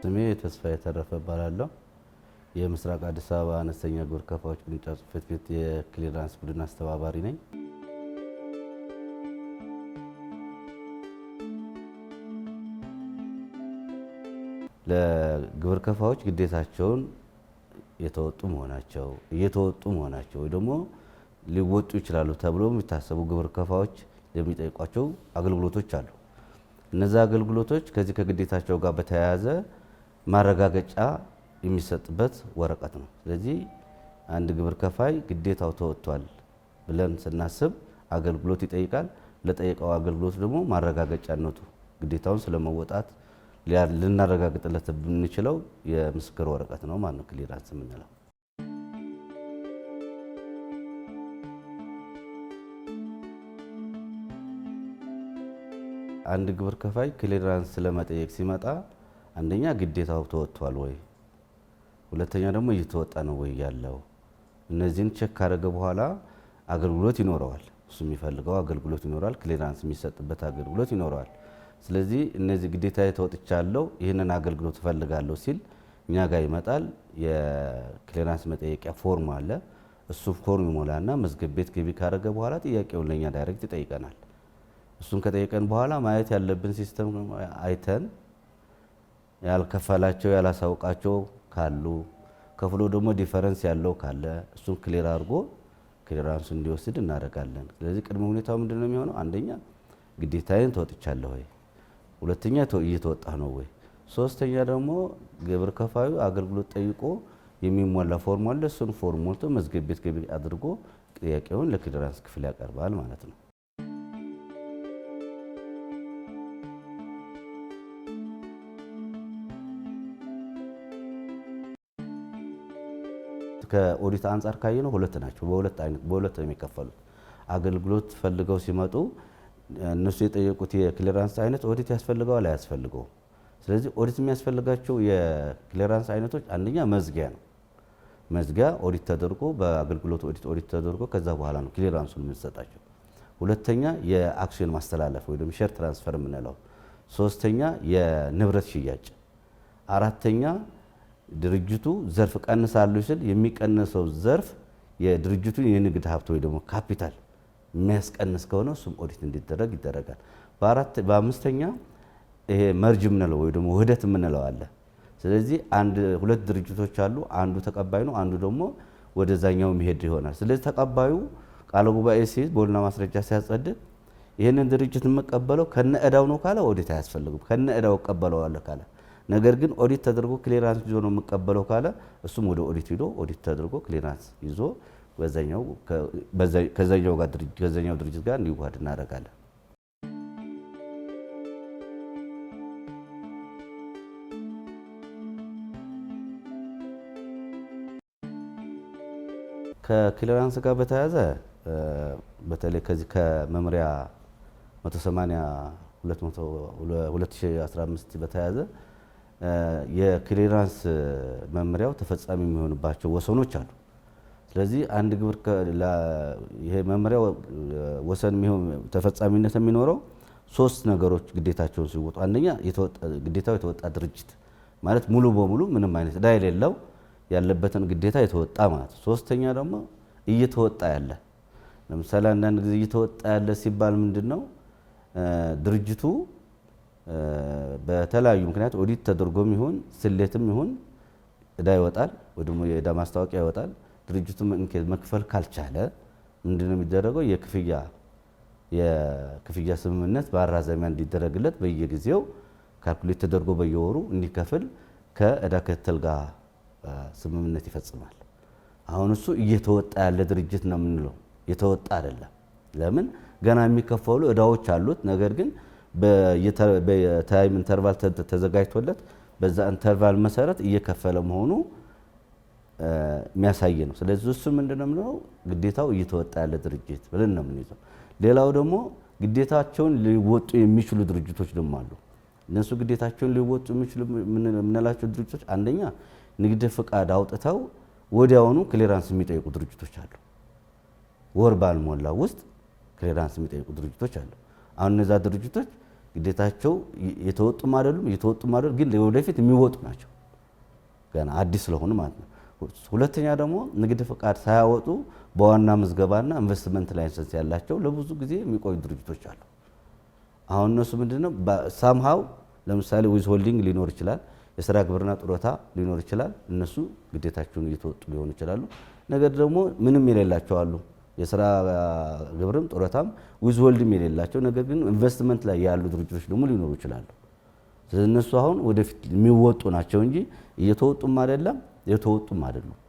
ስሜ ተስፋ የተረፈ እባላለሁ። የምስራቅ አዲስ አበባ አነስተኛ ግብር ከፋዮች ቅርንጫፍ ጽሕፈት ቤት የክሊራንስ ቡድን አስተባባሪ ነኝ። ለግብር ከፋዮች ግዴታቸውን የተወጡ መሆናቸው እየተወጡ መሆናቸው ወይ ደግሞ ሊወጡ ይችላሉ ተብሎ የሚታሰቡ ግብር ከፋዮች የሚጠይቋቸው አገልግሎቶች አሉ። እነዚ አገልግሎቶች ከዚህ ከግዴታቸው ጋር በተያያዘ ማረጋገጫ የሚሰጥበት ወረቀት ነው። ስለዚህ አንድ ግብር ከፋይ ግዴታው ተወጥቷል ብለን ስናስብ አገልግሎት ይጠይቃል። ለጠየቀው አገልግሎት ደግሞ ማረጋገጫነቱ ግዴታውን ስለመወጣት ልናረጋግጥለት ብንችለው የምስክር ወረቀት ነው ማለት ነው ክሊራንስ የምንለው። አንድ ግብር ከፋይ ክሊራንስ ለመጠየቅ ሲመጣ አንደኛ ግዴታው ተወጥቷል ወይ፣ ሁለተኛ ደግሞ እየተወጣ ነው ወይ ያለው። እነዚህን ቼክ ካደረገ በኋላ አገልግሎት ይኖረዋል። እሱ የሚፈልገው አገልግሎት ይኖረዋል። ክሊራንስ የሚሰጥበት አገልግሎት ይኖረዋል። ስለዚህ እነዚህ ግዴታ ተወጥቻለሁ፣ ይህንን አገልግሎት እፈልጋለሁ ሲል እኛ ጋር ይመጣል። የክሊራንስ መጠየቂያ ፎርም አለ። እሱ ፎርም ይሞላና መዝገብ ቤት ገቢ ካደረገ በኋላ ጥያቄውን ለእኛ ዳይሬክት ይጠይቀናል። እሱን ከጠየቀን በኋላ ማየት ያለብን ሲስተም አይተን ያልከፈላቸው ያላሳውቃቸው ካሉ ከፍሎ ደግሞ ዲፈረንስ ያለው ካለ እሱን ክሊር አድርጎ ክሊራንሱ እንዲወስድ እናደርጋለን። ስለዚህ ቅድመ ሁኔታው ምንድን ነው የሚሆነው? አንደኛ ግዴታዬን ተወጥቻለሁ ወይ፣ ሁለተኛ እየተወጣ ነው ወይ፣ ሶስተኛ ደግሞ ግብር ከፋዩ አገልግሎት ጠይቆ የሚሞላ ፎርም አለ። እሱን ፎርም ሞልቶ መዝገብ ቤት ገቢ አድርጎ ጥያቄውን ለክሊራንስ ክፍል ያቀርባል ማለት ነው። ከኦዲት አንጻር ካየ ነው ሁለት ናቸው። በሁለት አይነት በሁለት ነው የሚከፈሉት። አገልግሎት ፈልገው ሲመጡ እነሱ የጠየቁት የክሊራንስ አይነት ኦዲት ያስፈልገዋል ያስፈልገው ስለዚህ ኦዲት የሚያስፈልጋቸው የክሊራንስ አይነቶች አንደኛ መዝጊያ ነው። መዝጊያ ኦዲት ተደርጎ በአገልግሎት ኦዲት ኦዲት ተደርጎ ከዛ በኋላ ነው ክሊራንሱን የምንሰጣቸው። ሁለተኛ የአክሲዮን ማስተላለፍ ወይ ደግሞ ሼር ትራንስፈር የምንለው፣ ሶስተኛ የንብረት ሽያጭ፣ አራተኛ ድርጅቱ ዘርፍ ቀንሳሉ ሲል የሚቀነሰው ዘርፍ የድርጅቱ የንግድ ሀብት ወይ ደግሞ ካፒታል የሚያስቀንስ ከሆነ እሱም ኦዲት እንዲደረግ ይደረጋል። በአምስተኛ ይሄ መርጅ የምንለው ወይ ደግሞ ውህደት የምንለው አለ። ስለዚህ አንድ ሁለት ድርጅቶች አሉ። አንዱ ተቀባይ ነው፣ አንዱ ደግሞ ወደዛኛው መሄድ ይሆናል። ስለዚህ ተቀባዩ ቃለ ጉባኤ ሲይዝ ቦልና ማስረጃ ሲያጸድቅ ይህንን ድርጅት የምቀበለው ከነ እዳው ነው ካለ ኦዲት አያስፈልግም። ከነ እዳው እቀበለዋለሁ ካለ ነገር ግን ኦዲት ተደርጎ ክሊራንስ ይዞ ነው የምቀበለው ካለ እሱም ወደ ኦዲት ሂዶ ኦዲት ተደርጎ ክሊራንስ ይዞ ከዛኛው ድርጅት ጋር እንዲዋሃድ እናደርጋለን። ከክሊራንስ ጋር በተያያዘ በተለይ ከዚህ ከመምሪያ 180 2015 በተያያዘ የክሊራንስ መመሪያው ተፈጻሚ የሚሆንባቸው ወሰኖች አሉ። ስለዚህ አንድ ግብር ይሄ መመሪያ ወሰን ተፈጻሚነት የሚኖረው ሶስት ነገሮች ግዴታቸውን ሲወጡ፣ አንደኛ ግዴታው የተወጣ ድርጅት ማለት ሙሉ በሙሉ ምንም አይነት ዕዳ የሌለው ያለበትን ግዴታ የተወጣ ማለት፣ ሶስተኛ ደግሞ እየተወጣ ያለ። ለምሳሌ አንዳንድ ጊዜ እየተወጣ ያለ ሲባል ምንድን ነው ድርጅቱ በተለያዩ ምክንያት ኦዲት ተደርጎም ይሁን ስሌትም ይሁን እዳ ይወጣል ወይ ደግሞ የእዳ ማስታወቂያ ይወጣል። ድርጅቱ መክፈል ካልቻለ ነው የሚደረገው? የክፍያ የክፍያ ስምምነት በአራዘሚያ እንዲደረግለት በየጊዜው ካልኩሌት ተደርጎ በየወሩ እንዲከፍል ከእዳ ክትትል ጋር ስምምነት ይፈጽማል። አሁን እሱ እየተወጣ ያለ ድርጅት ነው የምንለው፣ የተወጣ አይደለም። ለምን ገና የሚከፈሉ እዳዎች አሉት። ነገር ግን በታይም ኢንተርቫል ተዘጋጅቶለት በዛ ኢንተርቫል መሰረት እየከፈለ መሆኑ የሚያሳይ ነው። ስለዚህ እሱ ምንድነው የምንለው ግዴታው እየተወጣ ያለ ድርጅት ብለን ነው የምንይዘው። ሌላው ደግሞ ግዴታቸውን ሊወጡ የሚችሉ ድርጅቶች ደግሞ አሉ። እነሱ ግዴታቸውን ሊወጡ የሚችሉ የምንላቸው ድርጅቶች አንደኛ ንግድ ፍቃድ አውጥተው ወዲያውኑ ክሊራንስ የሚጠይቁ ድርጅቶች አሉ። ወር ባልሞላ ውስጥ ክሊራንስ የሚጠይቁ ድርጅቶች አሉ። አሁን እነዛ ድርጅቶች ግዴታቸው የተወጡም አይደሉም የተወጡም አይደሉም፣ ግን ወደፊት የሚወጡ ናቸው ገና አዲስ ስለሆኑ ማለት ነው። ሁለተኛ ደግሞ ንግድ ፈቃድ ሳያወጡ በዋና ምዝገባና ኢንቨስትመንት ላይሰንስ ያላቸው ለብዙ ጊዜ የሚቆዩ ድርጅቶች አሉ። አሁን እነሱ ምንድነው ሳምሃው ለምሳሌ ዊዝ ሆልዲንግ ሊኖር ይችላል፣ የስራ ግብርና ጡረታ ሊኖር ይችላል። እነሱ ግዴታቸውን እየተወጡ ሊሆኑ ይችላሉ። ነገር ደግሞ ምንም የሌላቸው አሉ። የስራ ግብርም ጡረታም ዊዝ ወልድም የሌላቸው ነገር ግን ኢንቨስትመንት ላይ ያሉ ድርጅቶች ደግሞ ሊኖሩ ይችላሉ። ስለዚህ እነሱ አሁን ወደፊት የሚወጡ ናቸው እንጂ እየተወጡም አይደለም የተወጡም አይደሉም።